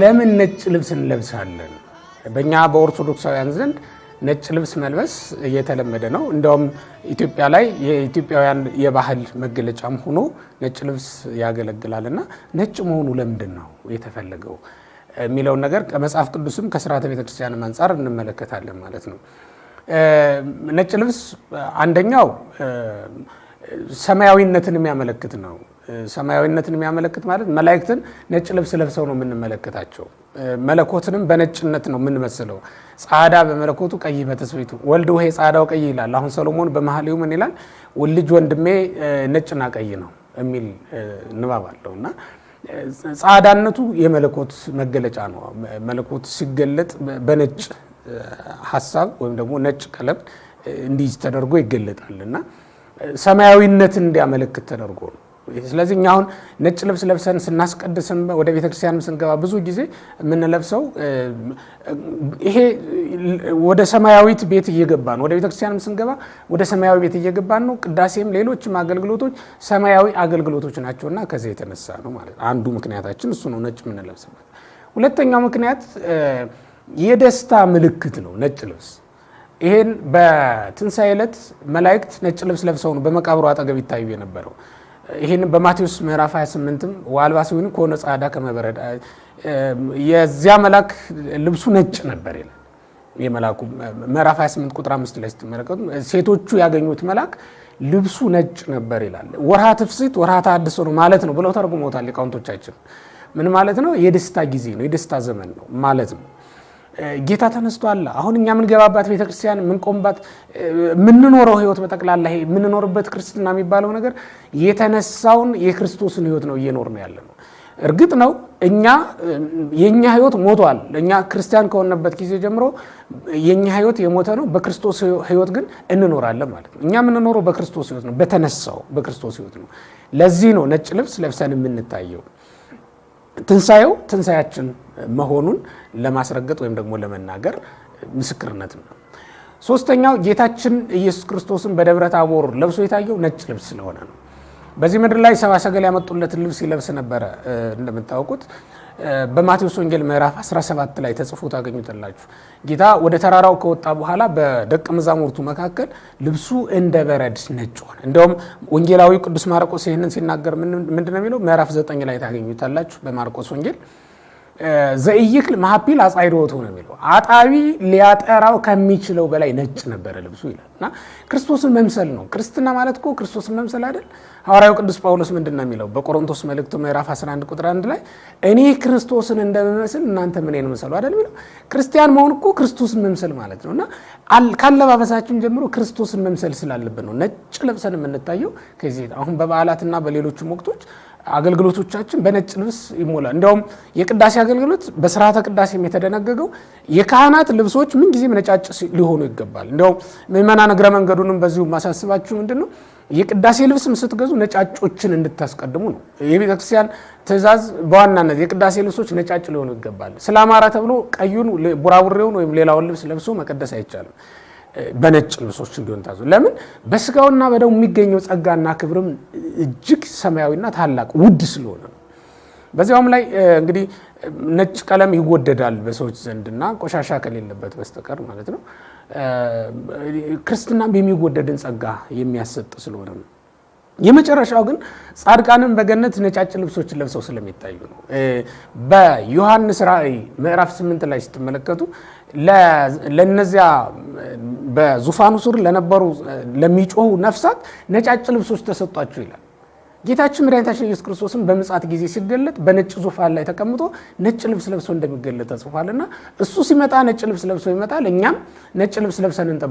ለምን ነጭ ልብስ እንለብሳለን? በእኛ በኦርቶዶክሳውያን ዘንድ ነጭ ልብስ መልበስ እየተለመደ ነው። እንዲያውም ኢትዮጵያ ላይ የኢትዮጵያውያን የባህል መገለጫም ሆኖ ነጭ ልብስ ያገለግላል እና ነጭ መሆኑ ለምንድን ነው የተፈለገው የሚለውን ነገር ከመጽሐፍ ቅዱስም ከስርዓተ ቤተክርስቲያንም አንጻር እንመለከታለን ማለት ነው። ነጭ ልብስ አንደኛው ሰማያዊነትን የሚያመለክት ነው። ሰማያዊነትን የሚያመለክት ማለት መላእክትን ነጭ ልብስ ለብሰው ነው የምንመለከታቸው። መለኮትንም በነጭነት ነው የምንመስለው። ጻዳ በመለኮቱ ቀይ በትስብእቱ ወልድ ውሄ ጻዳው ቀይ ይላል። አሁን ሰሎሞን በመኃልዩ ምን ይላል? ልጅ ወንድሜ ነጭና ቀይ ነው የሚል ንባብ አለው እና ጻዳነቱ የመለኮት መገለጫ ነው። መለኮት ሲገለጥ በነጭ ሀሳብ ወይም ደግሞ ነጭ ቀለም እንዲህ ተደርጎ ይገለጣል እና ሰማያዊነትን እንዲያመለክት ተደርጎ ነው ስለዚህ እኛ አሁን ነጭ ልብስ ለብሰን ስናስቀድስም ወደ ቤተክርስቲያንም ስንገባ ብዙ ጊዜ የምንለብሰው ይሄ ወደ ሰማያዊት ቤት ነው። ወደ ቤተክርስቲያንም ስንገባ ወደ ሰማያዊ ቤት እየገባ ነው። ቅዳሴም ሌሎችም አገልግሎቶች ሰማያዊ አገልግሎቶች ናቸውና ከዚህ የተነሳ ነው ማለት አንዱ ምክንያታችን እሱ ነው፣ ነጭ የምንለብስበት። ሁለተኛው ምክንያት የደስታ ምልክት ነው ነጭ ልብስ። ይሄን በትንሣኤ ዕለት መላእክት ነጭ ልብስ ለብሰው ነው በመቃብሩ አጠገብ ይታዩ የነበረው ይህን በማቴዎስ ምዕራፍ 28ም ዋልባ ሲሆን ከሆነ ጻዳ ከመበረድ የዚያ መልአክ ልብሱ ነጭ ነበር ይላል። የመልአኩ ምዕራፍ 28 ቁጥር 5 ላይ ስትመለከቱ ሴቶቹ ያገኙት መልአክ ልብሱ ነጭ ነበር ይላል። ወርሃ ትፍሲት ወርሃ ተሐድሶ ነው ማለት ነው ብለው ተርጉመውታል ሊቃውንቶቻችን። ምን ማለት ነው? የደስታ ጊዜ ነው፣ የደስታ ዘመን ነው ማለት ነው። ጌታ ተነስቷል። አሁን እኛ የምንገባባት ቤተክርስቲያን የምንቆምባት የምንኖረው ህይወት በጠቅላላ ይሄ የምንኖርበት ክርስትና የሚባለው ነገር የተነሳውን የክርስቶስን ህይወት ነው እየኖር ነው ያለ ነው። እርግጥ ነው እኛ የእኛ ህይወት ሞቷል። እኛ ክርስቲያን ከሆነበት ጊዜ ጀምሮ የእኛ ህይወት የሞተ ነው። በክርስቶስ ህይወት ግን እንኖራለን ማለት ነው። እኛ የምንኖረው በክርስቶስ ህይወት ነው፣ በተነሳው በክርስቶስ ህይወት ነው። ለዚህ ነው ነጭ ልብስ ለብሰን የምንታየው። ትንሣኤው ትንሳያችን መሆኑን ለማስረገጥ ወይም ደግሞ ለመናገር ምስክርነት ነው። ሶስተኛው ጌታችን ኢየሱስ ክርስቶስን በደብረ ታቦር ለብሶ የታየው ነጭ ልብስ ስለሆነ ነው። በዚህ ምድር ላይ ሰባ ሰገል ያመጡለትን ልብስ ይለብስ ነበረ እንደምታውቁት በማቴዎስ ወንጌል ምዕራፍ 17 ላይ ተጽፎ ታገኙታላችሁ። ጌታ ወደ ተራራው ከወጣ በኋላ በደቀ መዛሙርቱ መካከል ልብሱ እንደ በረድ ነጭ ሆነ። እንደውም ወንጌላዊ ቅዱስ ማርቆስ ይህንን ሲናገር ምንድነው የሚለው? ምዕራፍ 9 ላይ ታገኙታላችሁ በማርቆስ ወንጌል ዘይክል መሀፒል አጻይሮቱ ነው የሚለው አጣቢ ሊያጠራው ከሚችለው በላይ ነጭ ነበረ ልብሱ ይላል እና ክርስቶስን መምሰል ነው። ክርስትና ማለት እኮ ክርስቶስን መምሰል አይደል? ሐዋርያው ቅዱስ ጳውሎስ ምንድን ነው የሚለው በቆሮንቶስ መልእክቱ ምዕራፍ 11 ቁጥር 1 ላይ እኔ ክርስቶስን እንደምመስል እናንተ እኔን ምሰሉ አይደል የሚለው። ክርስቲያን መሆን እኮ ክርስቶስን መምሰል ማለት ነው እና ካለባበሳችን ጀምሮ ክርስቶስን መምሰል ስላለብን ነው ነጭ ለብሰን የምንታየው። ከዚህ አሁን በበዓላትና በሌሎችም ወቅቶች አገልግሎቶቻችን በነጭ ልብስ ይሞላል። እንዲያውም የቅዳሴ አገልግሎት በስርዓተ ቅዳሴም የተደነገገው የካህናት ልብሶች ምንጊዜም ነጫጭ ሊሆኑ ይገባል። እንዲያውም ምእመናን እግረ መንገዱንም በዚሁ ማሳስባችሁ ምንድን ነው የቅዳሴ ልብስም ስትገዙ ነጫጮችን እንድታስቀድሙ ነው የቤተክርስቲያን ትእዛዝ። በዋናነት የቅዳሴ ልብሶች ነጫጭ ሊሆኑ ይገባል። ስለ አማራ ተብሎ ቀዩን ቡራቡሬውን ወይም ሌላውን ልብስ ለብሶ መቀደስ አይቻልም። በነጭ ልብሶች እንዲሆን ታዙ። ለምን በስጋውና በደሙ የሚገኘው ጸጋና ክብርም እጅግ ሰማያዊና ታላቅ ውድ ስለሆነ ነው። በዚያውም ላይ እንግዲህ ነጭ ቀለም ይወደዳል በሰዎች ዘንድና ቆሻሻ ከሌለበት በስተቀር ማለት ነው። ክርስትናም የሚወደድን ጸጋ የሚያሰጥ ስለሆነ ነው። የመጨረሻው ግን ጻድቃንም በገነት ነጫጭ ልብሶችን ለብሰው ስለሚታዩ ነው። በዮሐንስ ራእይ ምዕራፍ ስምንት ላይ ስትመለከቱ ለነዚያ በዙፋኑ ስር ለነበሩ ለሚጮሁ ነፍሳት ነጫጭ ልብሶች ተሰጧቸው ይላል። ጌታችን መድኃኒታችን ኢየሱስ ክርስቶስን በምጽአት ጊዜ ሲገለጥ በነጭ ዙፋን ላይ ተቀምጦ ነጭ ልብስ ለብሶ እንደሚገለጥ ተጽፏልና እሱ ሲመጣ ነጭ ልብስ ለብሶ ይመጣል። እኛም ነጭ ልብስ ለብሰን